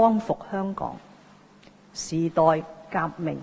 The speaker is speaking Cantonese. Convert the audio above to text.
光復香港，時代革命。